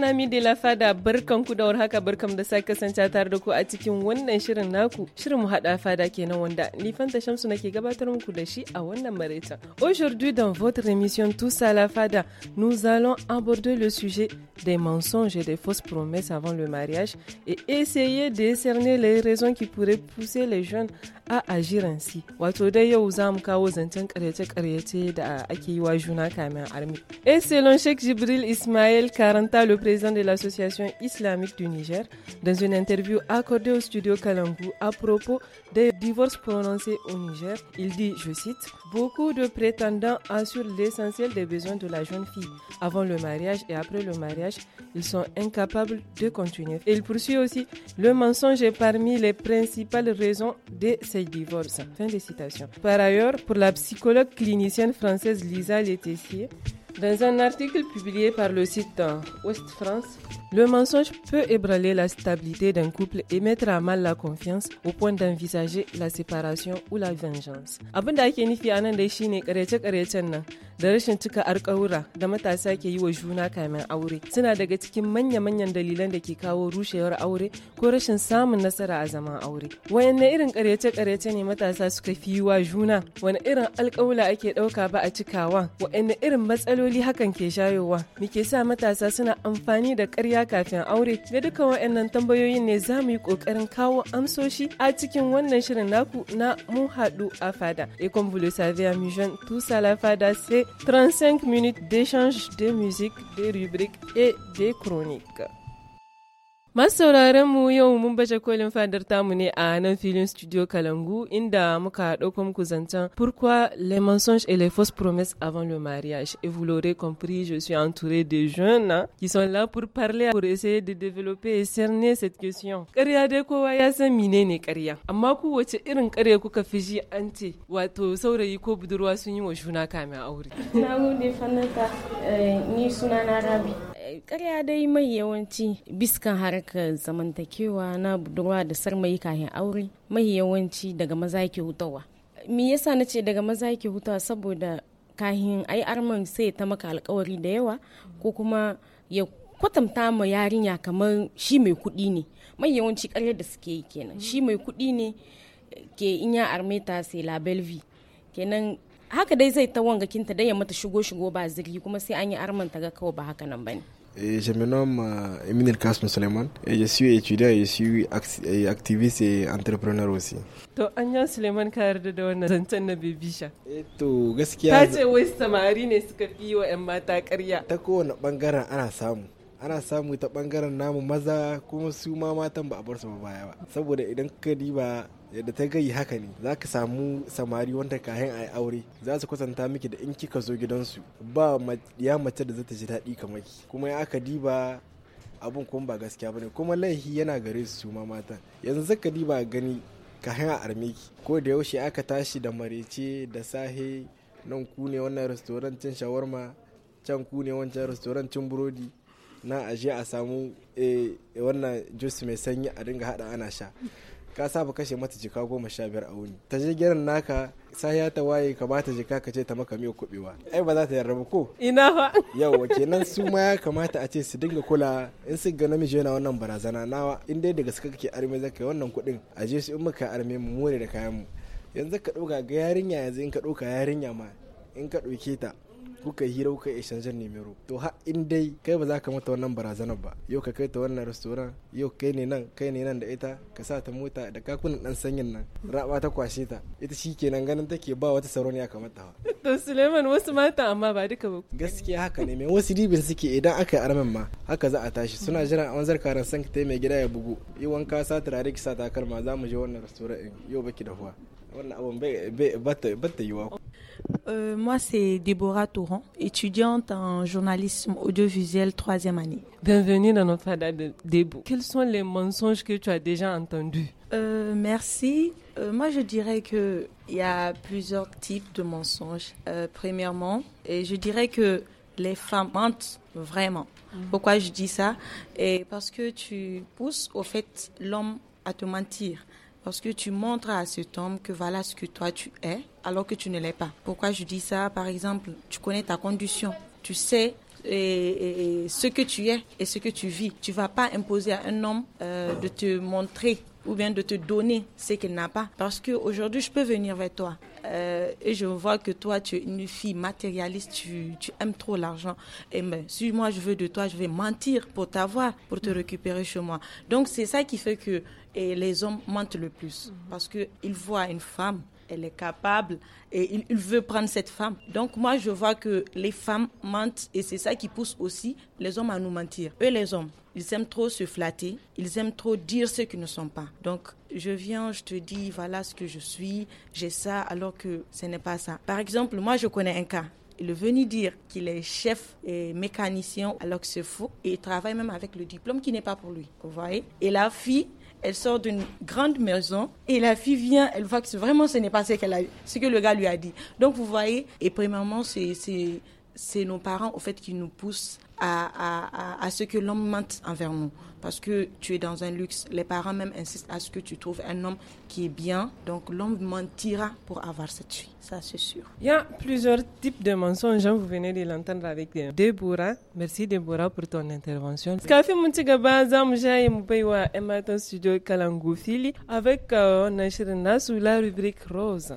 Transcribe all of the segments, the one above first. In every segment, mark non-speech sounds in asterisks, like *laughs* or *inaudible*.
sauran de la fada barkan ku da warhaka barkan da sake kasance tare da ku a cikin wannan shirin naku shirin mu hada fada kenan wanda ni fanta shamsu nake gabatar muku da shi a wannan maraita Aujourd'hui dans votre émission Tous à la fada nous allons aborder le sujet des mensonges et des fausses promesses avant le mariage et essayer de cerner les raisons qui pourraient pousser les jeunes a agir ainsi. Wato dai yau za mu kawo zancen karyace-karyace da ake yi wa juna kamin armi. Et selon Sheikh Jibril Ismail Karanta, le président de l'Association islamique du Niger, dans une interview accordée au studio Kalangu à propos des divorces prononcés au Niger, il dit, je cite, Beaucoup de prétendants assurent l'essentiel des besoins de la jeune fille. Avant le mariage et après le mariage, ils sont incapables de continuer. Et il poursuit aussi, le mensonge est parmi les principales raisons de ces divorces. Fin de citation. Par ailleurs, pour la psychologue clinicienne française Lisa Letessier, Dans un article publié par le site Ouest France, le mensonge peut ébranler la stabilité d'un couple et mettre à mal la confiance au point d'envisager la séparation ou la vengeance. Abin da ake nufi a nan dai shine karece-karecen nan da rashin cika alƙawura da matasa ke yi wa juna kamin aure suna daga cikin manya-manyan dalilan da ke kawo rushewar aure ko rashin samun nasara a zaman aure. Wayanne irin karece-karece ne matasa suka fi yi wa juna? Wani irin alƙawula ake ɗauka ba a cikawa? Wayanne irin matsaloli matsaloli hakan ke shayowa muke sa matasa suna amfani da karya kafin aure da duka waɗannan tambayoyin ne za mu yi ƙoƙarin kawo amsoshi a cikin wannan shirin naku na mu haɗu a fada ekon bulu le mission tu sala la fada c'est 35 minutes d'échange de musique de rubrique et de chronique. sauraren mu yau mun bace kolin fadar tamu ne a nan filin studio Kalangu inda muka ɗauko Pourquoi les mensonges et les fausses promesses avant le mariage Et vous l'aurez compris, je suis entouré de jeunes hein, qui sont là pour parler, pour essayer de développer et cerner cette question. Ƙarya de kowa ya san ne ƙarya, amma ku wace irin ƙarya kuka fi ji an ce wato saurayi ko budurwa sun yi wa juna kamin aure. Na gode Fannata, eh, ni sunana Rabi. karya dai mai yawanci biskan harkar zamantakewa na budurwa da sarmayi kayan aure mai yawanci daga maza ke hutawa me yasa na ce daga maza ke hutawa saboda kahin ai arman sai ta maka alkawari da yawa ko kuma ya kwatanta ma yarinya kamar shi mai kuɗi ne mai yawanci karyar da suke yi kenan shi mai kuɗi ne ke inya armeta sai la belvi kenan haka dai zai ta wanga kinta dai ya mata shigo shigo ba zirgi kuma sai an yi arman ta ga kawai ba haka nan bane eh, Je me nomme eh, Eminel Kasm Suleiman et eh, je suis étudiant et je suis activiste et entrepreneur aussi. To Anya Suleiman ka yarda da wannan zancen na Bebisha. Eh to gaskiya ta ce wai samari ne suka fi wa 'yan mata ƙarya. Ta kowane bangaren ana samu. ana samu ta bangaren namu maza kuma su ma matan ba a bar su ba baya ba saboda idan ka diba yadda ta gayi haka ne za ka samu samari wanda kayan a aure za su kwatanta miki da in kika zo gidansu ba ya mace da ta ji daɗi kamar ki kuma ya aka diba abun kuma ba gaskiya bane kuma laifi yana gare su ma matan yanzu zaka diba gani kayan a arme ki ko da yaushe aka tashi da marece da sahe nan ku ne wannan restoran shawarma can ku ne wancan burodi na aje a samu eh, wannan jus mai sanyi a dinga hada ana sha ka saba kashe mata jika goma sha biyar a wuni ta je gidan naka sa ta waye ka bata jika ka ce ta maka miyo kubewa ai ba za ta yarda ba ko ina fa yawa kenan su ma ya kamata a ce su dinga kula in su ga namiji yana wannan barazana nawa in dai daga suka kake arme zaka yi wannan kuɗin a je su in muka arme mu more da kayan mu yanzu ka ɗauka ga yarinya yanzu in ka ɗauka yarinya ma in ka ɗauke ta kuka hira kuka yi exchangear numero to ha in dai kai ba za ka mata wannan barazanar ba yau ka kai ta wannan restaurant yau kai ne nan kai ne nan da ita ka sa ta mota da kakunan dan sanyin nan raba ta kwashe ta ita shi kenan ganin take ba wata sauran ya kamata *laughs* to Suleiman wasu mata amma ba duka ba gaskiya haka ne mai wasu ribin suke idan aka yi armen ma haka za a tashi suna jiran an zarka ran san ka mai gida ya bugu yi wanka sa turare ki sa takalma za mu je wannan restaurant yau baki da huwa Euh, moi, c'est Déborah Touron, étudiante en journalisme audiovisuel troisième année. Bienvenue dans notre ADA de Quels sont les mensonges que tu as déjà entendus euh, Merci. Euh, moi, je dirais qu'il y a plusieurs types de mensonges. premièrement, et je dirais que les femmes mentent vraiment. Mm. Pourquoi je dis ça et Parce que tu pousses au fait l'homme à te mentir. Parce que tu montres à cet homme que voilà ce que toi tu es, alors que tu ne l'es pas. Pourquoi je dis ça Par exemple, tu connais ta condition. Tu sais et, ce que tu es et ce que tu vis. Tu vas pas imposer à un homme euh, de te montrer ou bien de te donner ce qu'il n'a pas. Parce qu'aujourd'hui, je peux venir vers toi. Euh, et je vois que toi, tu es une fille matérialiste, tu, aimes trop l'argent. Et ben, si moi, je veux de toi, je vais mentir pour t'avoir, pour te récupérer chez moi. Donc, c'est ça qui fait que et les hommes mentent le plus parce qu'ils voient une femme, elle est capable et il, veulent veut prendre cette femme. Donc moi, je vois que les femmes mentent et c'est ça qui pousse aussi les hommes à nous mentir. Eux, les hommes, ils aiment trop se flatter, ils aiment trop dire ce qu'ils ne sont pas. Donc je viens, je te dis, voilà ce que je suis, j'ai ça, alors que ce n'est pas ça. Par exemple, moi, je connais un cas. Il est venu dire qu'il est chef et mécanicien alors que c'est faux et il travaille même avec le diplôme qui n'est pas pour lui. Vous voyez Et la fille, elle sort d'une grande maison et la fille vient, elle voit que vraiment ce n'est pas ce qu'elle a, que le gars lui a dit. Donc vous voyez, et premièrement, c'est nos parents au fait qui nous poussent à, ce que l'homme mente envers nous. Parce que tu es dans un luxe. Les parents même insistent à ce que tu trouves un homme qui est bien. Donc l'homme mentira pour avoir cette fille. Ça, c'est sûr. Il y a plusieurs types de mensonges. Hein. Vous venez de l'entendre avec Deborah. Merci Deborah pour ton intervention. Euh, sous la rubrique Rose.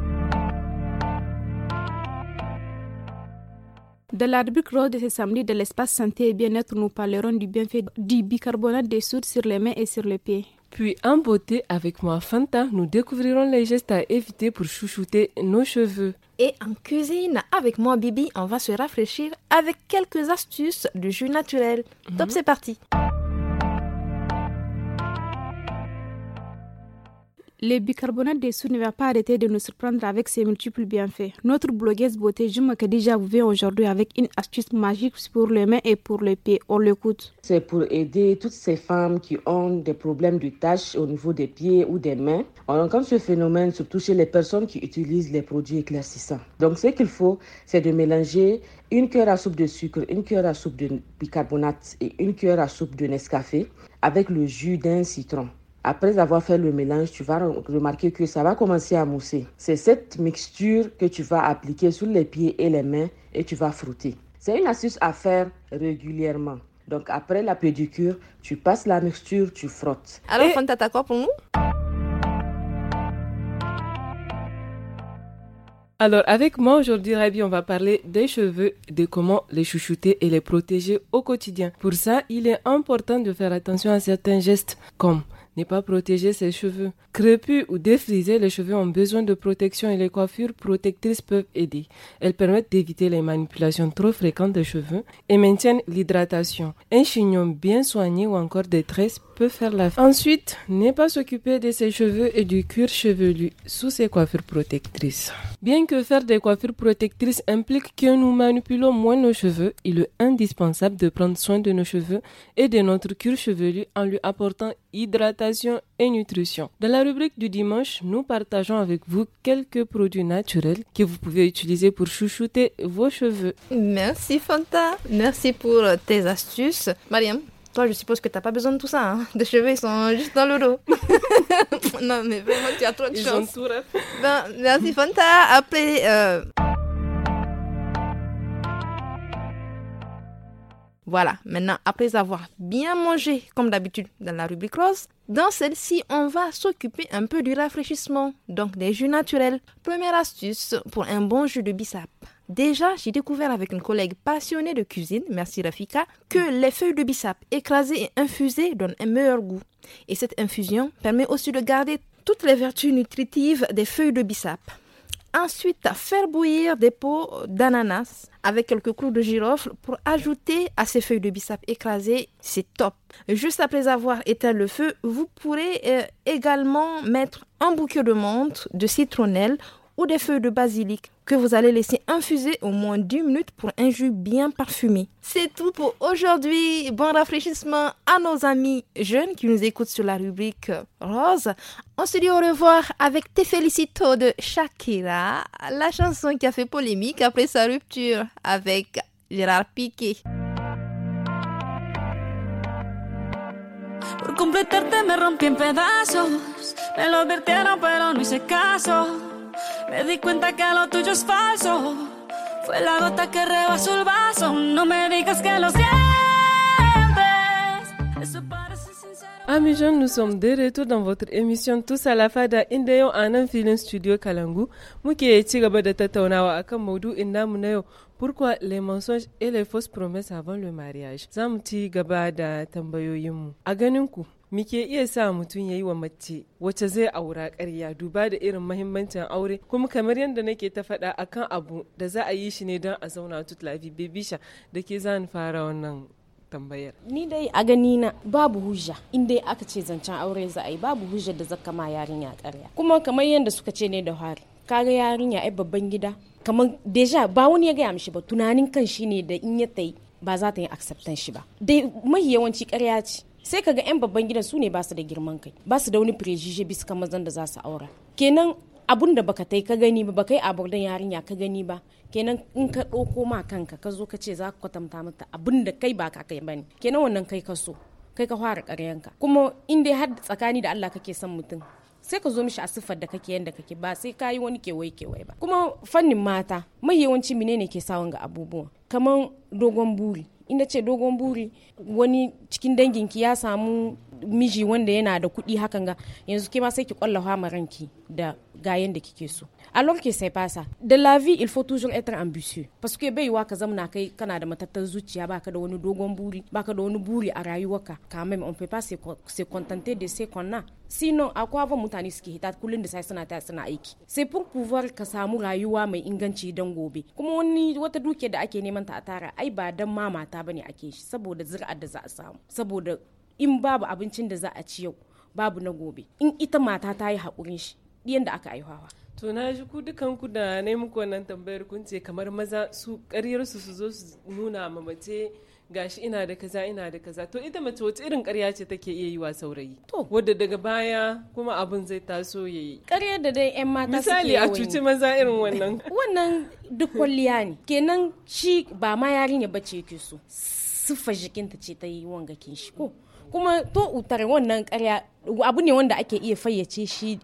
Dans rose de ce samedi, de l'espace santé et bien-être, nous parlerons du bienfait du bicarbonate des soude sur les mains et sur les pieds. Puis en beauté avec moi Fanta, nous découvrirons les gestes à éviter pour chouchouter nos cheveux. Et en cuisine avec moi Bibi, on va se rafraîchir avec quelques astuces de jus naturel. Top, mhm. c'est parti. Le bicarbonate de soude ne va pas arrêter de nous surprendre avec ses multiples bienfaits. Notre blogueuse beauté Juma déjà vous vient aujourd'hui avec une astuce magique pour les mains et pour les pieds. On l'écoute. C'est pour aider toutes ces femmes qui ont des problèmes de taches au niveau des pieds ou des mains. On rencontre ce phénomène surtout chez les personnes qui utilisent les produits éclaircissants. Donc ce qu'il faut, c'est de mélanger une cuillère à soupe de sucre, une cuillère à soupe de bicarbonate et une cuillère à soupe de Nescafé avec le jus d'un citron. Après avoir fait le mélange, tu vas remarquer que ça va commencer à mousser. C'est cette mixture que tu vas appliquer sur les pieds et les mains et tu vas frotter. C'est une astuce à faire régulièrement. Donc après la pédicure, tu passes la mixture, tu frottes. Alors, Fanta, t'as quoi pour nous Alors, avec moi aujourd'hui, Rabi, on va parler des cheveux, de comment les chouchouter et les protéger au quotidien. Pour ça, il est important de faire attention à certains gestes comme n'est pas protéger ses cheveux. Crépus ou défrisés, les cheveux ont besoin de protection et les coiffures protectrices peuvent aider. Elles permettent d'éviter les manipulations trop fréquentes des cheveux et maintiennent l'hydratation. Un chignon bien soigné ou encore des tresses faire la Ensuite, ne pas s'occuper de ses cheveux et du cuir chevelu sous ses coiffures protectrices. Bien que faire des coiffures protectrices implique que nous manipulons moins nos cheveux, il est indispensable de prendre soin de nos cheveux et de notre cuir chevelu en lui apportant hydratation et nutrition. Dans la rubrique du dimanche, nous partageons avec vous quelques produits naturels que vous pouvez utiliser pour chouchouter vos cheveux. Merci Fanta, merci pour tes astuces. Mariam, toi, je suppose que tu n'as pas besoin de tout ça. Hein. Des *laughs* cheveux, ils sont juste dans le dos. *laughs* non, mais vraiment, tu as trop de chance. Ben, merci Fanta. Après. Euh. Voilà, maintenant, après avoir bien mangé, comme d'habitude dans la rubrique rose, dans celle-ci, on va s'occuper un peu du rafraîchissement, donc des jus naturels. Première astuce pour un bon jus de bissap. Déjà, j'ai découvert avec une collègue passionnée de cuisine, merci Rafika, que les feuilles de bissap écrasées et infusées donnent un meilleur goût. Et cette infusion permet aussi de garder toutes les vertus nutritives des feuilles de bissap. Ensuite, faire bouillir des pots d'ananas avec quelques clous de girofle pour ajouter à ces feuilles de bissap écrasées, c'est top. Juste après avoir éteint le feu, vous pourrez euh, également mettre un bouquet de menthe, de citronnelle ou des feuilles de basilic que vous allez laisser infuser au moins 10 minutes pour un jus bien parfumé. C'est tout pour aujourd'hui. Bon rafraîchissement à nos amis jeunes qui nous écoutent sur la rubrique rose. On se dit au revoir avec Te Felicito de Shakira, la chanson qui a fait polémique après sa rupture avec Gérard Piqué. Me di cuenta que lo tuyo es falso. Fue la gota que rebasó el vaso. No me digas que lo sientes. Eso parece Amis ah, jeunes, nous sommes de retour dans votre émission Tous à la Fada inda en un film filin studio Kalangu muke et gaba da Tataonawa akan maudu'in na Pourquoi les mensonges et les fausses promesses avant le mariage? Za mu ci gaba da tambayoyinmu. A ganin ku, mi iya sa mutum ya yi wa mace wacce zai aura ƙarya duba da irin mahimmancin aure kuma kamar yadda nake ta faɗa akan abu da za a yi shi ne don a zauna tut lafi bebisha da ke zan fara wannan tambayar. Ni dai a gani na babu hujja in dai aka ce zancen aure za a yi babu hujja da zaka ma yarinya ƙarya. Kuma kamar yadda suka ce ne da hari kaga yarinya ai babban gida kamar deja ba wani ya gaya mishi ba tunanin kan shi ne da in ya yi ba za ta yi acceptance shi ba. Dai mahi yawanci ƙarya ce sai kaga 'yan babban gidan su ne ba su da girman kai ba su da wani prejije bisa kan mazan da za su aura kenan abun da baka tai ka gani ba baka yi abordan yarinya ka gani ba kenan in ka ɗauko ma kanka ka zo ka ce za ka kwatanta mata abun da kai ba ka kai bane kenan wannan kai ka so kai ka fara ƙaryanka kuma in dai har tsakani da Allah kake son mutum sai ka zo mishi a siffar da kake yanda kake ba sai ka yi wani kewaye kewaye ba kuma fannin mata mai yawanci menene ke sawan ga abubuwa kamar dogon buri ina ce dogon buri wani cikin danginki ya samu miji wanda yana da kuɗi hakan ga yanzu ke ma sai ki kwallafa hama ranki da gayen da kike so Alon ke sai fasa, da de la vie il faut toujours être ambitieux parce que bai wa ka zamana kai kana da matattar zuciya baka da wani dogon buri baka da wani buri a rayuwarka Ka mai on peut pas se contenter de ce qu'on a sinon kwa ba mutane suke hita kullun da sai suna ta suna aiki sai pour pouvoir ka samu rayuwa mai inganci dan gobe kuma wani wata duke da ake neman ta a tara ai ba dan ma mata bane ake shi saboda zuri'ar da za a samu saboda in babu abincin da za a ci yau babu na gobe in ita mata ta yi haƙurin shi ɗiyan da aka aihawa to na ji ku dukan ku da na muku wannan tambayar kun ce kamar maza su ƙaryar su su zo su nuna ma mace gashi ina da kaza ina da kaza to ita mace wace irin ƙarya ce take iya yi wa saurayi to wadda daga baya kuma abin zai taso ya yi ƙaryar da dai yan mata misali a cuci maza irin wannan *laughs* wannan duk kwalliya ne kenan shi ba ma yarinya bace ke so sufa jikinta ce ta yi kin shi ko kuma to utar wannan karya abu ne wanda ake iya fayyace shi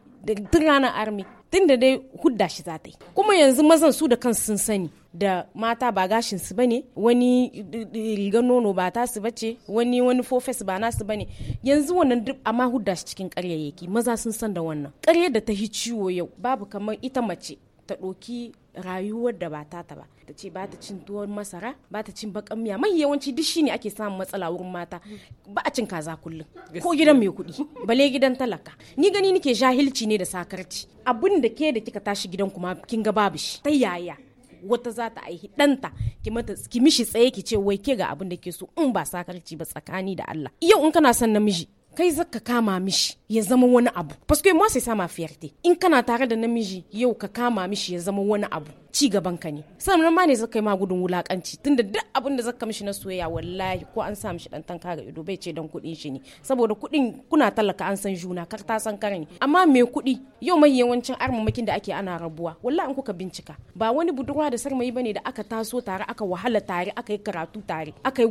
tun ranar army. tun da dai hudda shi za ta yi kuma yanzu mazan su da kansu sun sani da mata ba gashin su bane wani rigar nono ba ta su bace wani wani fofes ba nasu bane yanzu wannan duk amma hudda shi cikin karyayyaki maza sun san da wannan karya da ta yi ciwo yau babu kamar ita mace ta ɗoki rayuwar da ba ta ta ba ta ce ba ta cin tuwon masara ba ta cin bakan miya mai yawanci duk shine ake samun matsala wurin mata ba a cin kaza kullum ko gidan mai kuɗi bale gidan talaka ni gani nike jahilci ne da sakarci abun da ke da kika tashi gidan kuma kin ga babu shi ta yaya wata za ta aihi ɗanta ki mata ki mishi tsaye ki ce wai ke ga abun da ke so in ba sakarci ba tsakani da Allah yau in kana son namiji kai za ka kama mishi ya zama wani abu paske mo sai sama fiyarte in kana tare da namiji yau ka kama mishi ya zama wani abu ci gaban ka ne sannan ma ne ka yi magudun gudun wulakanci tunda duk abin da zaka mishi na soyayya wallahi ko an sa mishi dan tanka ga ido bai ce dan kudin shi ne saboda kuɗin kuna talaka an san juna kar ta san kare ne amma me kudi yau mai yawancin armamakin da ake ana rabuwa wallahi an kuka bincika ba wani budurwa da sarmayi bane da aka taso tare aka wahala tare aka yi karatu tare aka yi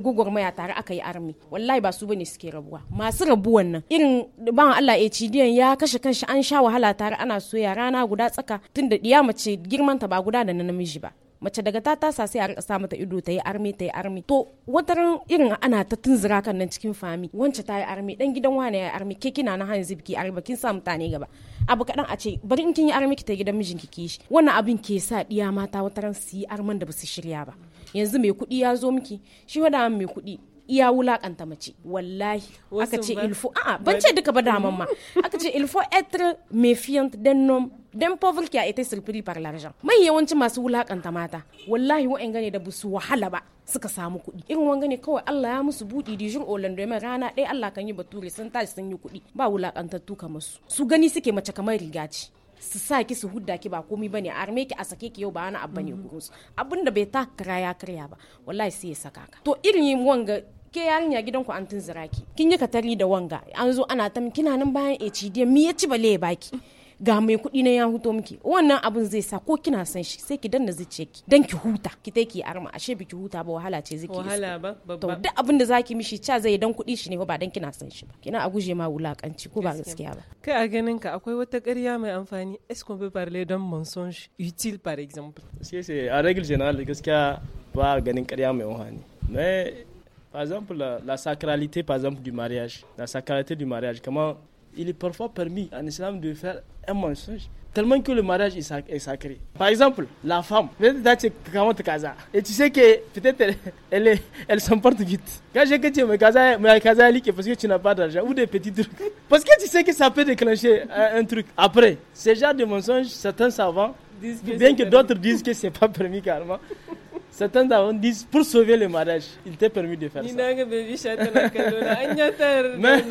tare aka yi armi wallahi ba su bane suke rabuwa masu rabuwa abubuwan nan irin ban Allah ecidiyan ya kashe kanshi an sha wahala tare ana soya rana guda tsaka tunda diya mace girman ta ba guda da namiji ba mace daga ta tasa sai a rika sa mata ido ta yi armi ta yi armi to wataran irin ana ta tunzura kan nan cikin fami wance ta yi armi dan gidan wane ya yi armi ke kina na hanyar zibki armi kin sa mutane gaba abu kaɗan a ce bari in kin yi armi ki ta gidan mijin ki kishi wannan abin ke sa diya mata wataran su yi arman da basu shirya ba yanzu mai kuɗi ya zo miki shi wada mai kuɗi iya wulakanta mace wallahi aka ce ilfo a'a ban ce duka ba daman ma *laughs* aka ce ilfo être méfiant d'un nom dan pauvre qui a été surpris par l'argent mai yawanci masu wulakanta mata wallahi wa'anga ne da busu wahala ba suka samu kuɗi irin wani ne kawai Allah ya musu buɗi dijin jin Orlando rana ɗaya Allah kan yi bature sun tashi sun yi kuɗi ba wulakantattu kamar su su gani suke mace kamar riga ce su sa ki su hudda ki ba komai bane a arme ki a sake ki yau ba wani abu bane mhm. gurin abinda bai ta kira ya karya ba wallahi sai ya saka ka to irin wanga ke yarinya gidanku an tun ziraki kin yi katari da wanga an zo ana ta kina nan bayan HDM mi ya ci bale ya baki ga mai kuɗi na ya huto miki wannan abin zai sa ko kina san shi sai ki danna zuciya ki dan ki huta ki tai ki arma ashe biki huta ba wahala ce zaki wahala ba to duk abin da zaki mishi cha zai dan kuɗi shi ne ba dan kina san shi ba kina a guje ma wulakanci ko ba gaskiya ba kai a ganin ka akwai wata ƙarya mai amfani est-ce qu'on peut parler d'un mensonge utile par exemple c'est c'est a règle générale gaskiya ba ganin ƙarya mai amfani mais Par exemple, la, sacralité par exemple, du mariage. La sacralité du mariage. Comment il est parfois permis en islam de faire un mensonge tellement que le mariage est sacré. Par exemple, la femme, et tu sais que peut-être elle, elle, s'emporte vite. Quand j'ai que tu me parce que tu n'as pas d'argent ou des petits trucs. *laughs* Parce que tu sais que ça peut déclencher euh, un, truc. Après, ce genre de mensonge, certains savants, bien que d'autres disent que c'est pas permis carrément. *laughs* Certains d'avant disent pour sauver le mariage, il t'est permis de faire ça. *laughs* mais,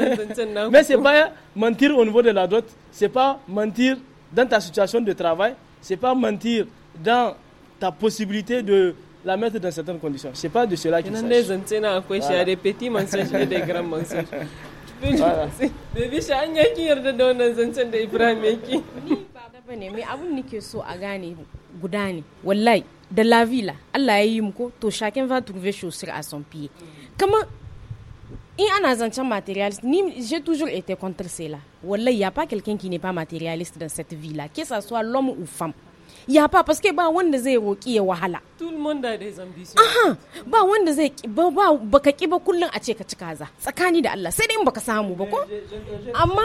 mais c'est pas mentir au niveau de la dot, c'est pas mentir dans ta situation de travail, c'est pas mentir dans ta possibilité de la mettre dans certaines conditions. C'est pas de cela qu'il s'agit. Voilà. des petits mensonges et des grands mensonges. *laughs* Voilà. Mais abun nike so a gane guda ne wallahi de la vie là, Allah mu ko to va trouver chaussure à son pied Comment? Et en agent matérialiste, j'ai toujours été contre cela. il n'y a pas quelqu'un qui n'est pas matérialiste dans cette vie-là, que ce soit l'homme ou femme. Il n'y a pas, parce que bah, wanda zai wahala. Tout le monde a des ambitions. Aha, Bah, wanda zai ba baka ki kullun a ce ka ci kaza. Tsakani da Allah, sai dai baka samu ba ko? Amma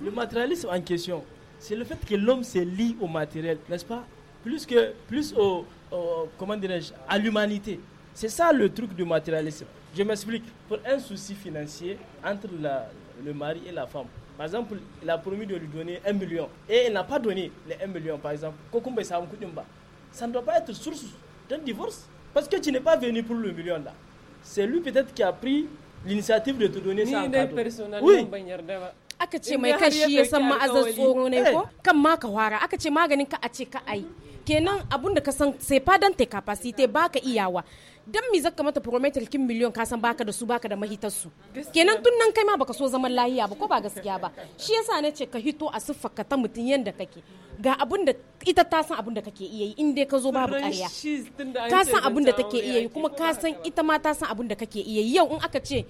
le matérialisme en question, c'est le fait que l'homme se lie au matériel, n'est-ce pas plus, que, plus au, comment dirais-je, à l'humanité. C'est ça le truc du matérialisme. Je m'explique. Pour un souci financier entre le mari et la femme, par exemple, il a promis de lui donner un million et il n'a pas donné les 1 million, par exemple. Ça ne doit pas être source d'un divorce parce que tu n'es pas venu pour le million là. C'est lui peut-être qui a pris l'initiative de te donner ça en Oui. mai kashi tsoro ko eh. kan maganin ka ka ai kenan abun da ka san sai fadan te capacity ka iyawa dan mi zaka mata prometer kin miliyon ka san baka da su baka da mahitar su kenan tun nan kai ma baka so zaman lahiya ba ko ba gaskiya ba shi yasa na ce ka hito a ka ta mutun yanda kake ga abun da ita ta san abun da kake iya yi in dai ka zo babu ƙarya ka san abun da take iya yi kuma ka san ita ma ta san abun da kake iya yi yau in aka ce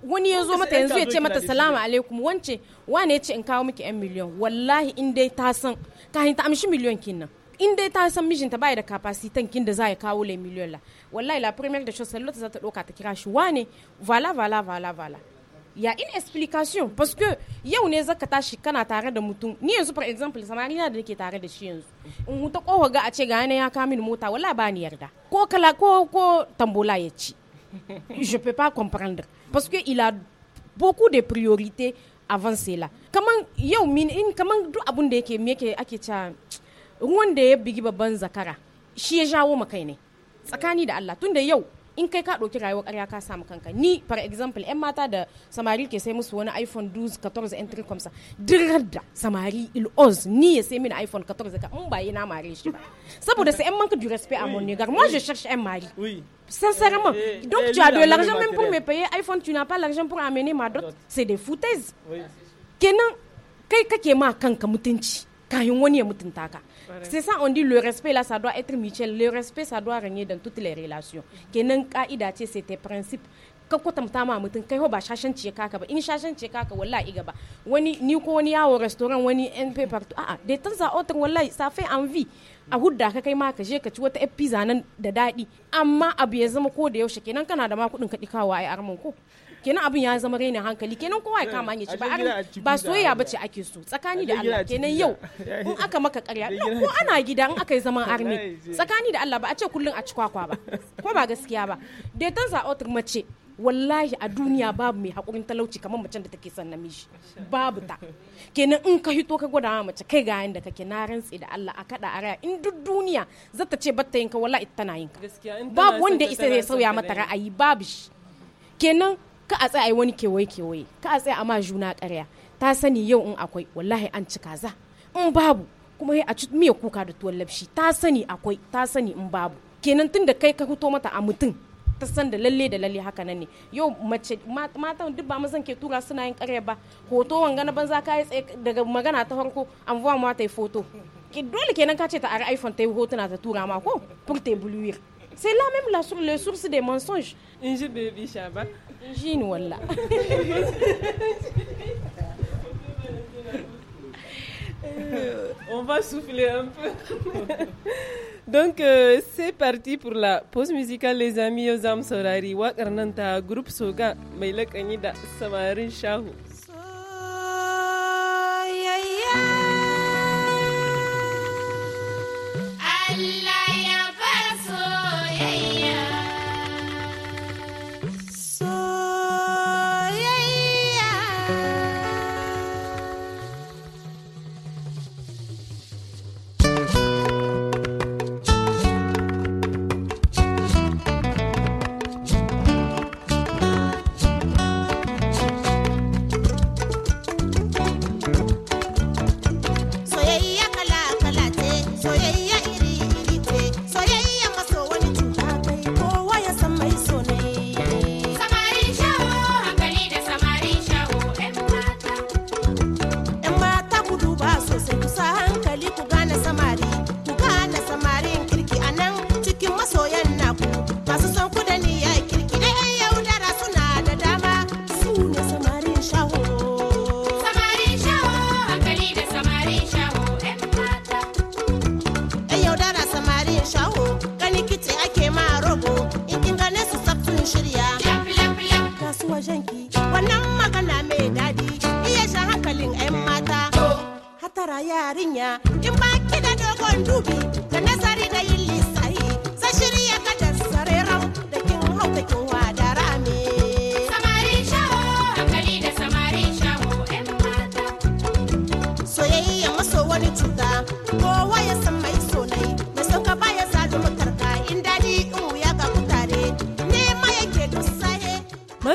wani ya zo mata yanzu ya ce mata salamu alaikum wance wane ya ce in kawo miki yan miliyon wallahi in dai ta san kahin ta amshi miliyon kinan. in dai ta san mijinta bai da capacity kin da zai kawo le million la wallahi la première des choses l'autre za ta doka ta kira shi wane vala vala il y a une explication parce que yau ne zaka tashi kana tare da mutum ni yanzu for example samarina da nake tare da shi yanzu in huta ko ga a ce ga yana ya kawo mini mota wallahi ba ni yarda ko kala ko ko tambola ya ci *laughs* je peux pas comprendre parce que il a beaucoup de priorités avant cela comment yau min in kaman duk abun da yake me yake ake cha ruwan da ya bigi babban zakara shi ya jawo maka ne tsakani da Allah tunda yau in kai ka ɗauki rayuwar ƙarya ka samu kanka ni for example 'yan mata da samari ke sai musu wani iphone 12 14 entry comsa dirar da samari il'oz ni ya sai mini iphone 14 ka in ba yi na mare shi ba saboda sai 'yan manka du respect a mon negar moi je cherche un mari sincèrement eh, eh, donc tu as de l'argent même pour me payer iphone tu n'as pas l'argent pour amener ma dot c'est des foutaises kenan kai kake ma kanka mutunci kayan wani ya mutunta ka sai on dit le respect là ça doit être mutuel le respect ça doit régner dans toutes les relations kenan ka'ida ce c'était principe ka kwatanta ma mutum kai ba shashan ciye kaka ba in shashan ciye kaka wallahi iga ba wani ni ko wani yawo restaurant wani en pay partout Ah, ah de tan sa otar wallahi sa fai an a hudda ka kai ma ka je ka ci wata yar pizza nan da dadi amma abu ya zama ko da yaushe kenan kana da ma kuɗin ka ɗikawa ai arman ko kenan abin ya zama raina hankali kenan kowa ya eh, kama hanyar ci ba ba soyayya bace ake so tsakani da Allah kenan yau in aka maka karya ko ana gida in aka yi zaman army tsakani da Allah ba a ce kullun a ci kwakwa ba ko ba gaskiya ba detan sa mace wallahi a duniya babu mai hakurin talauci kamar macen da take son namiji babu ta kenan in ka hito ka gwada mace kai ga da kake na rantsi da Allah a kada a raya in duk duniya ta ce batta yinka wallahi tana yinka babu wanda isa zai sauya mata ra'ayi babu shi kenan ka a tsaye wani kewaye kewaye ka a tsaye a ma juna karya ta sani yau in akwai wallahi an ci kaza in babu kuma a ci miya kuka da tuwon labshi ta sani akwai ta sani in babu kenan tun da kai ka fito mata a mutum ta san da lalle da lalle haka nan ne yau mace matan duk ba mazan ke tura suna yin ƙarya ba hoto wanga na banza ka yi tsaye daga magana ta farko an ma ta yi foto dole kenan ka ce ta ari iphone ta yi hotuna ta tura ma ko pour te C'est là même la, source, la source des mensonges. Inji baby shaba. Inji walla. Euh, on va souffler un peu. Donc euh, c'est parti pour la pause musicale les amis Ozam Sorari Wakarnanta groupe Soga Maila Kanida Samarin Shahu.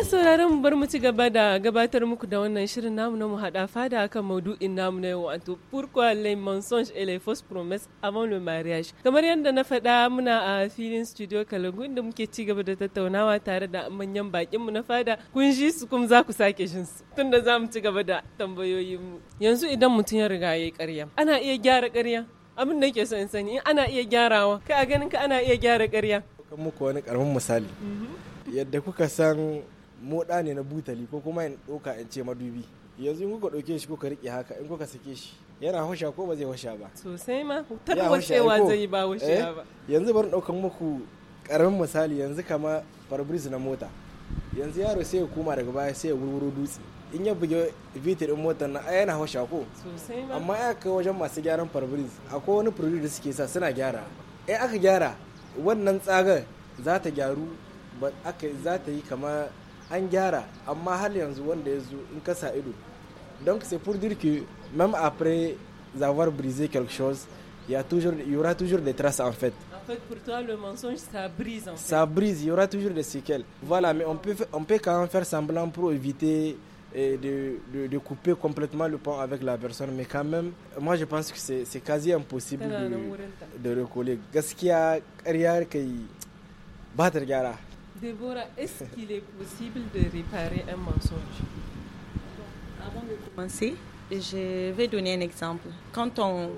sauraron bar mu ci gaba da gabatar muku da wannan shirin namu na mu hada fada akan maudu'in namu na yau wato pourquoi les mensonges et les fausses promesses avant le mariage kamar yadda na faɗa muna a filin studio Kalangu inda muke ci gaba da tattaunawa tare da manyan bakin mu na fada kun ji su kuma za ku sake jin su tunda za mu ci gaba da tambayoyin mu yanzu idan mutum ya riga ya ƙarya ana iya gyara ƙarya abin da yake so in sani ana iya gyarawa kai a ganin ka ana iya gyara ƙarya kan muku wani karamin misali mhm. yadda kuka san moɗa ne na butali ko kuma in ɗauka in ce madubi yanzu in kuka ɗauke shi kuka riƙe haka in kuka sake shi yana hausha ko ba zai hausha ba sosai ma tarwashewa zai yi ba hushewa eh? ba yanzu bari ɗaukan muku ƙaramin misali yanzu kama farbris na mota yanzu yaro sai ya koma daga baya sai ya wurwuro dutse in ya buge vitir din motar na yana hausha ko amma ya kai wajen masu gyaran farbris akwai wani farbris da suke sa suna gyara eh aka gyara wannan tsagar za ta gyaru za ta yi kama an gyara amma yanzu wanda donc c'est pour dire que même après avoir brisé quelque chose il y a toujours il y aura toujours des traces en fait en fait pour toi le mensonge ça brise en fait. ça brise il y aura toujours des séquelles voilà mais on peut on peut quand même faire semblant pour éviter eh, de, de, couper complètement le pont avec la personne. Mais quand même, moi je pense que c'est quasi impossible de, de recoller. y a derrière qui Battre, gyara. Déborah, est-ce qu'il est possible de réparer un mensonge Avant de commencer, je vais donner un exemple. Quand on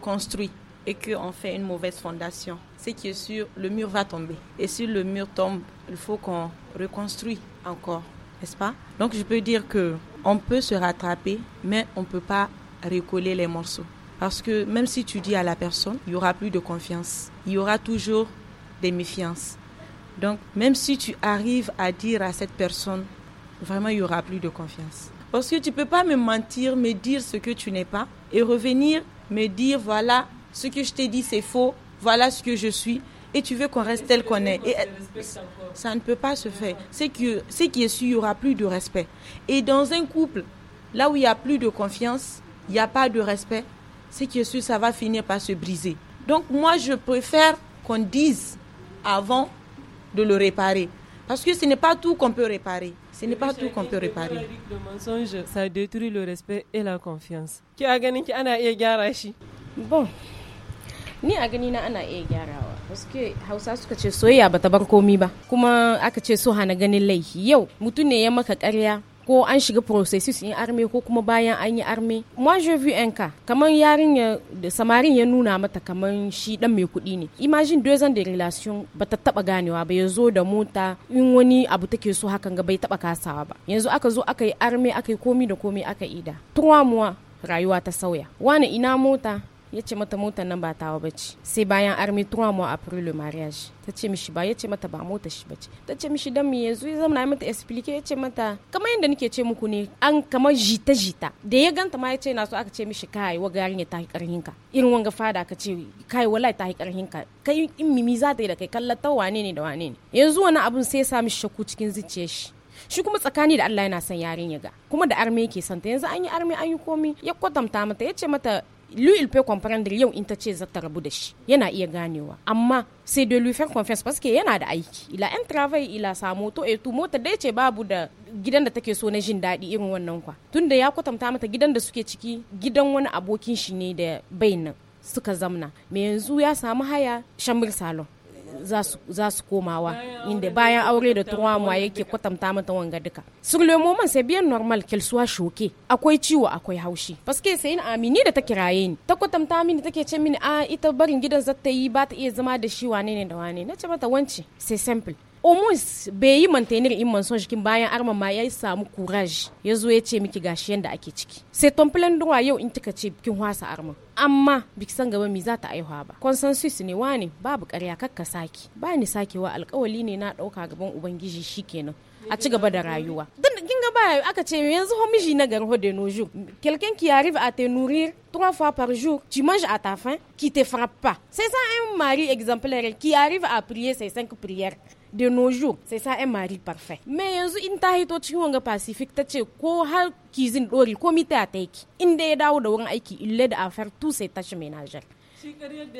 construit et qu'on fait une mauvaise fondation, c'est que sur le mur va tomber. Et si le mur tombe, il faut qu'on reconstruit encore, n'est-ce pas Donc je peux dire que on peut se rattraper, mais on ne peut pas recoller les morceaux. Parce que même si tu dis à la personne, il y aura plus de confiance. Il y aura toujours des méfiances. Donc, même si tu arrives à dire à cette personne, vraiment, il n'y aura plus de confiance. Parce que tu ne peux pas me mentir, me dire ce que tu n'es pas, et revenir me dire, voilà, ce que je t'ai dit, c'est faux, voilà ce que je suis, et tu veux qu'on reste tel qu'on est. Et ça ne peut pas se faire. C'est que ce qui est sûr, il n'y aura plus de respect. Et dans un couple, là où il n'y a plus de confiance, il n'y a pas de respect, ce qui est sûr, ça va finir par se briser. Donc moi, je préfère qu'on dise avant de le réparer. Parce que ce n'est pas tout qu'on peut réparer. Ce n'est pas tout qu'on peut réparer. Le mensonge, ça détruit le respect et la confiance. Qui a gagné ana iya e gyara Bon. Ni a na ana e gyarawa. Parce que Hausa suka ce soyayya bata bar komi ba. Kuma aka ce so hana ganin lai Yau mutune ya maka ƙarya ko an shiga processus in arme ko kuma bayan an yi arme moi je vu un cas kamar yarinya da samarin ya nuna mata kamar shi dan mai kuɗi ne imagine deux ans de relation ba ta taba ganewa ba ya da mota in wani abu take so hakan ga bai taba kasawa ba yanzu aka zo aka yi arme aka yi komi da komi aka ida trois mois rayuwa ta sauya wani ina mota ya ce mata motar nan ba tawa bace sai bayan army trois mois après le mariage ta ce mishi ba ya ce mata ba motar shi bace ta ce mishi dan me yanzu ya zama mata explique ya ce mata kamar yadda nake ce muku ne an kamar jita jita da ya ganta ma ya ce na so aka ce mishi kai wa garin ya tahi karhin ka irin wanga fada ka ce kai wallahi tahi karhin ka kai in mimi za ta yi da kai kallata wane ne da wane ne yanzu wani abun sai ya sa mishi shakku cikin zuciyar shi shi kuma tsakani da Allah yana son yarinya ga kuma da arme yake santa yanzu an yi arme an yi komi ya kwatanta mata ya ce mata lui il peut comprendre yau in ta ce za ta rabu da shi yana iya ganewa amma sai de lui faire confiance parce que yana da aiki ila un travail ila sa moto et tout mota dai ce babu da gidan da take so na jin daɗi irin wannan kwa tunda ya kwatanta mata gidan da suke ciki gidan wani abokin shi ne da bai nan suka zamna me yanzu ya samu haya shamir salon za su komawa inda bayan aure da tuwa yake kwatanta mata wanga duka sur le moment c'est bien normal qu'elle soit choquée akwai ciwo akwai haushi paske sai in amini da ta kiraye ni ta kwatanta mini take ce mini a ah, ita barin gidan zata yi ba ta iya zama da shi wane ne da wane na ce mata wance c'est simple o bai yi maintainer in man jikin bayan arma ma ya samu courage ya zo ya ce miki gashi yanda ake ciki sai ton plan duwa yau in kika ce kin hwasa arman amma biki san gaba mi za ta aihuwa ba consensus ne wani babu ƙarya kakka saki ba ni sakewa alƙawali ne na ɗauka gaban ubangiji shikenan a ci gaba da rayuwa don kin ga ba aka ce yanzu ho na garho de nos jours quelqu'un qui arrive à te nourrir trois fois par jour tu manges à ta faim qui te frappe pas c'est ça un mari exemplaire qui arrive à prier ses cinq prières de nos jours c'est ça un mari parfait mais yanzu in ta hito cikin wanga pacific ta ce ko har kizin dori komi ta ta yake inda ya dawo da wurin aiki l'aide à faire tous ses tâches ménagères.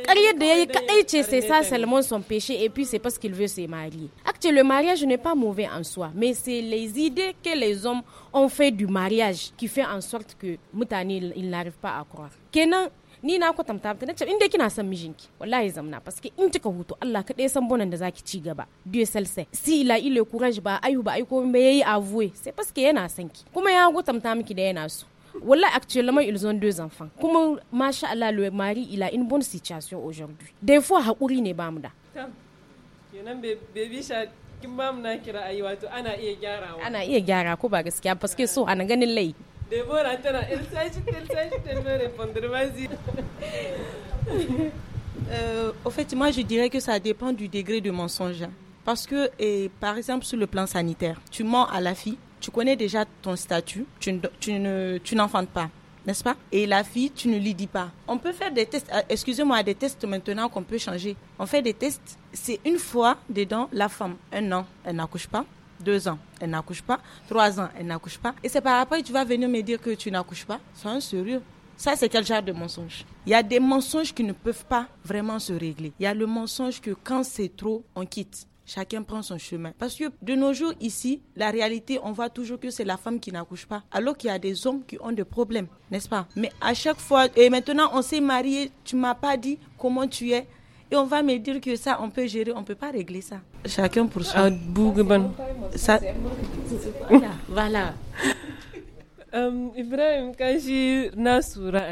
Carrière de c'est ça seulement son péché et puis c'est parce qu'il veut se marier. Actuellement, le mariage n'est pas mauvais en soi, mais c'est les idées que les hommes ont fait du mariage qui fait en sorte que Moutani, il n'arrive pas à croire. Kenan ni na kwatanta ta nace inda kina son mijinki wallahi zamna paske in kika hutu Allah ka san bonan da zaki ci gaba Dieu seul sait si la il le courage ba ayu ba ai ko me yayi avouer c'est parce que yana son ki kuma ya kwatanta miki da yana so Voilà, actuellement, ils ont deux enfants. masha Allah le mari, il a une bonne situation aujourd'hui. Des fois, hakuri ne ba mu da. kenan baby shark kin ba mu na kira ayi wato ana iya gyarawa ana iya gyara ko ba gaskiya paske so ana ganin lai Débora, attends, elle s'agit, elle répondre, vas-y. *laughs* Euh, au fait, moi, je dirais que ça dépend du degré de mensonge. Parce que, par exemple, sur le plan sanitaire, tu mens à la fille, tu connais déjà ton statut, tu, tu n'enfantes pas n'est-ce pas Et la fille, tu ne lui dis pas. On peut faire des tests, euh, excusez-moi, des tests maintenant qu'on peut changer. On fait des tests, c'est une fois dedans la femme, un an, elle n'accouche pas deux ans, elle n'accouche pas, trois ans, elle n'accouche pas. Et c'est par après tu vas venir me dire que tu n'accouches pas. C'est un sérieux. Ça, c'est quel genre de mensonge Il y a des mensonges qui ne peuvent pas vraiment se régler. Il y a le mensonge que quand c'est trop, on quitte chacun prend son chemin. Parce que de nos jours ici, la réalité, on voit toujours que c'est la femme qui n'accouche pas, alors qu'il y a des hommes qui ont des problèmes, n'est-ce pas Mais à chaque fois, et maintenant on s'est marié, tu m'as pas dit comment tu es, et on va me dire que ça, on peut gérer, on ne peut pas régler ça. Chacun pour soi. Ah, Bougban. Ah, ça... Voilà. um, Ibrahim, quand j'ai Nasura,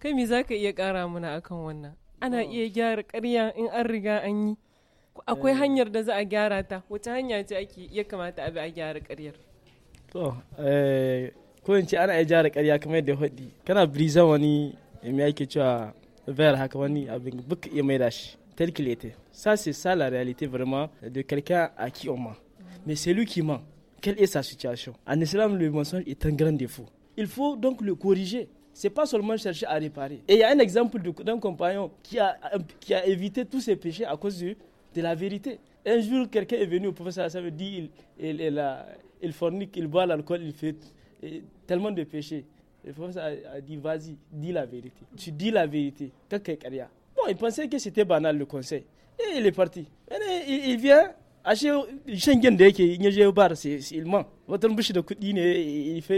kai me za ka iya kara mana akan wannan ana oh. iya gyara ƙarya in an riga an yi akwai eh. hanyar da za a gyara ta wata hanya ce ake ya kamata abi a gyara karyar to eh, ko in ce ana iya gyara ƙarya kamar yadda hudi kana brisa wani me yake cewa vers Hakwani avec Bouk et tel qu'il était. Ça, c'est ça la réalité vraiment de quelqu'un à qui on ment. Mais c'est lui qui ment. Quelle est sa situation En islam, le mensonge est un grand défaut. Il faut donc le corriger. C'est pas seulement chercher à réparer. Et il y a un exemple d'un compagnon qui a, qui a évité tous ses péchés à cause de, de la vérité. Un jour, quelqu'un est venu au professeur Hassan, dit, il, il, il, il fornique, il boit l'alcool, il fait tellement de péchés. Le professeur a, dit vas-y, dis la vérité. Tu dis la vérité. Bon, il pensait que c'était banal le conseil. Et il est parti. il, vient. Il fait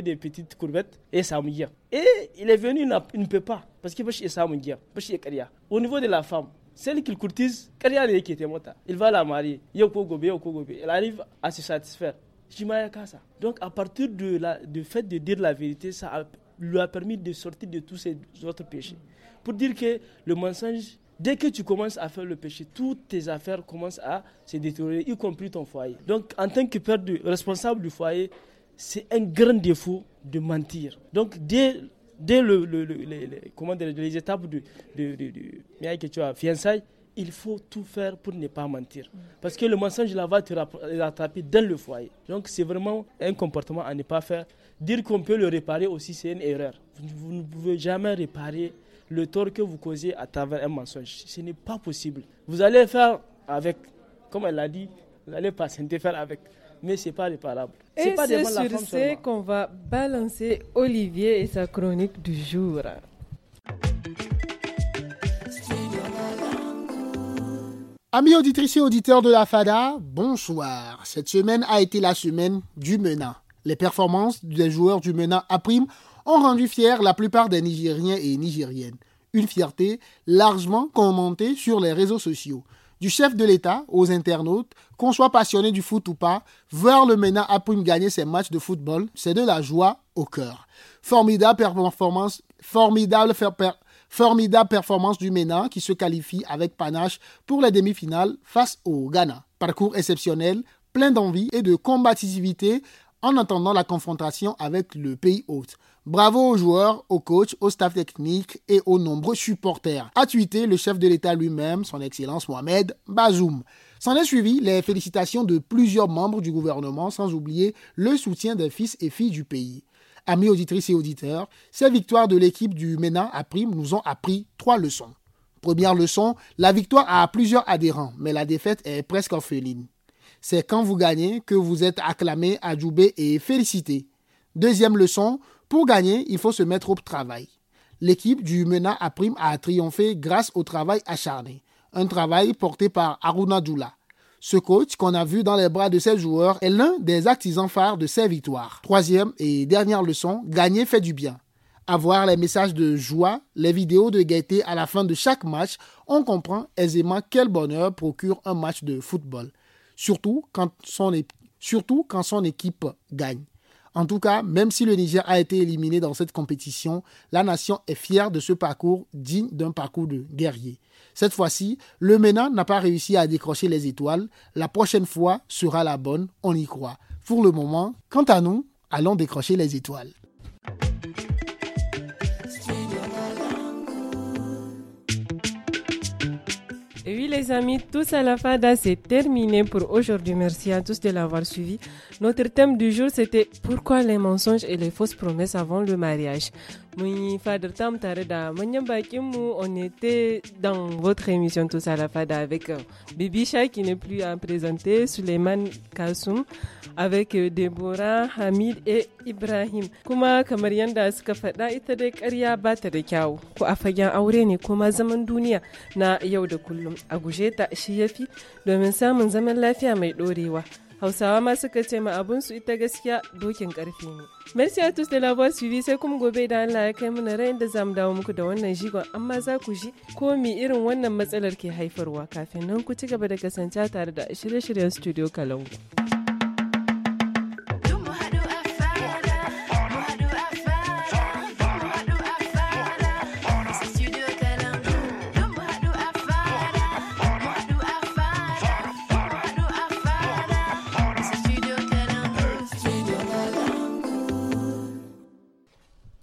des petites courbettes et ça me Et il est venu, il ne peut pas. Parce que ça me Au niveau de la femme, celle qu'il courtise, il va la marier. Elle arrive à se satisfaire. Donc à partir de la, du fait de dire la vérité, ça lui a permis de sortir de tous ses autres péchés. Pour dire que le mensonge, dès que tu commences à faire le péché, toutes tes affaires commencent à se détériorer, y compris ton foyer. Donc, en tant que père responsable du foyer, c'est un grand défaut de mentir. Donc, dès, dès les, comment dire, les étapes du que tu as il faut tout faire pour ne pas mentir. Parce que le mensonge, là, va te rattraper dans le foyer. Donc, c'est vraiment un comportement à ne pas faire. Dire qu'on peut le réparer aussi, c'est une erreur. Vous ne pouvez jamais réparer le tort que vous causez à travers un mensonge. Ce n'est pas possible. Vous allez faire avec, comme elle l'a dit, vous allez pas faire avec. Mais ce n'est pas réparable. Et c'est pas sur ce qu'on va balancer Olivier et sa chronique du jour. Amis auditrices et auditeurs de la FADA, bonsoir. Cette semaine a été la semaine du MENA, les performances des joueurs du MENA prime ont rendu fiers la plupart des Nigériens et Nigériennes. Une fierté largement commentée sur les réseaux sociaux. Du chef de l'État aux internautes, qu'on soit passionné du foot ou pas, voir le MENA prime gagner ses matchs de football, c'est de la joie au cœur. Formidable performance, du MENA qui se qualifie avec panache pour la demi finale face au Ghana. Parcours exceptionnel, plein d'envie et de combativité en attendant la confrontation avec le pays hôte. Bravo aux joueurs, aux coachs, au staff technique et aux nombreux supporters. A tweeté le chef de l'État lui-même, son Excellence Mohamed Bazoum. S'en est suivi les félicitations de plusieurs membres du gouvernement, sans oublier le soutien des fils et filles du pays. Amis auditrices et auditeurs, ces victoires de l'équipe du MENA à Prime nous ont appris trois leçons. Première leçon, la victoire a plusieurs adhérents, mais la défaite est presque orpheline c'est quand vous gagnez que vous êtes acclamé, adjubé et félicité. Deuxième leçon, pour gagner, il faut se mettre au travail. L'équipe du MENA à prime a triomphé grâce au travail acharné, un travail porté par Aruna Dula. Ce coach qu'on a vu dans les bras de ses joueurs est l'un des artisans phares de ses victoires. Troisième et dernière leçon, gagner fait du bien. Avoir les messages de joie, les vidéos de gaieté à la fin de chaque match, on comprend aisément quel bonheur procure un match de football surtout quand son, surtout quand son équipe gagne. En tout cas, même si le Niger a été éliminé dans cette compétition, la nation est fière de ce parcours digne d'un parcours de guerrier. Cette fois-ci, le MENA n'a pas réussi à décrocher les étoiles. La prochaine fois sera la bonne, on y croit. Pour le moment, quant à nous, allons décrocher les étoiles. Oui, les amis, tous à la fada, c'est terminé pour aujourd'hui. Merci à tous de l'avoir suivi. Notre thème du jour, c'était pourquoi les mensonges et les fausses promesses avant le mariage mun fadar Tam tare da manyan on était dans votre émission tous à la fada avec euh, Bibisha qui n'est plus à présenter, Suleiman Kasum, avec euh, Deborah, Hamid et Ibrahim. Kuma kamar yanda suka faɗa ita dai ƙarya da ko a aure ne na yau da kullum a guje shi yafi lafiya Hausawa ma suka ce ma abun su ita gaskiya dokin karfi ne. Merci à tous de voix suivi sai kuma gobe da Allah ya kai mu na rayin da mu dawo muku da wannan jigon amma za ku ji ko mi irin wannan matsalar ke haifarwa kafin nan ku ci gaba da kasancewa tare da shirye-shiryen studio Kalangu.